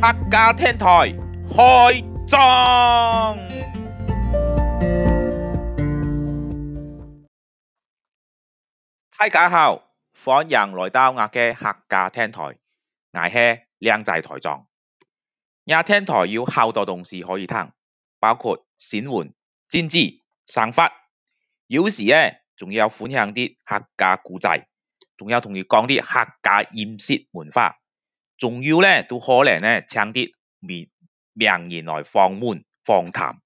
客家電台開張，睇下後訪人來交壓嘅客家電台，挨靴靚仔台長。呀，電台要好多同事可以聽，包括新聞、政治、時事，有時呢，仲要有款向啲客家古仔，仲有同佢講啲客家艷色文化。仲要咧，都可能咧，請啲名人來訪問訪談。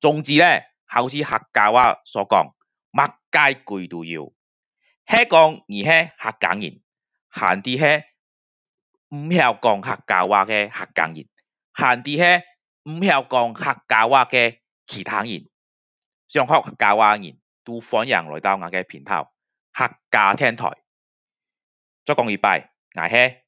總之咧，好似客家話所講，乜界鬼都要。呢講而係客家人，閒啲係唔曉講客家話嘅客家人，閒啲係唔曉講客家話嘅其他人，上客家話人，都歡迎來到我嘅頻道，客家電台。再講二拜，𠊎 係。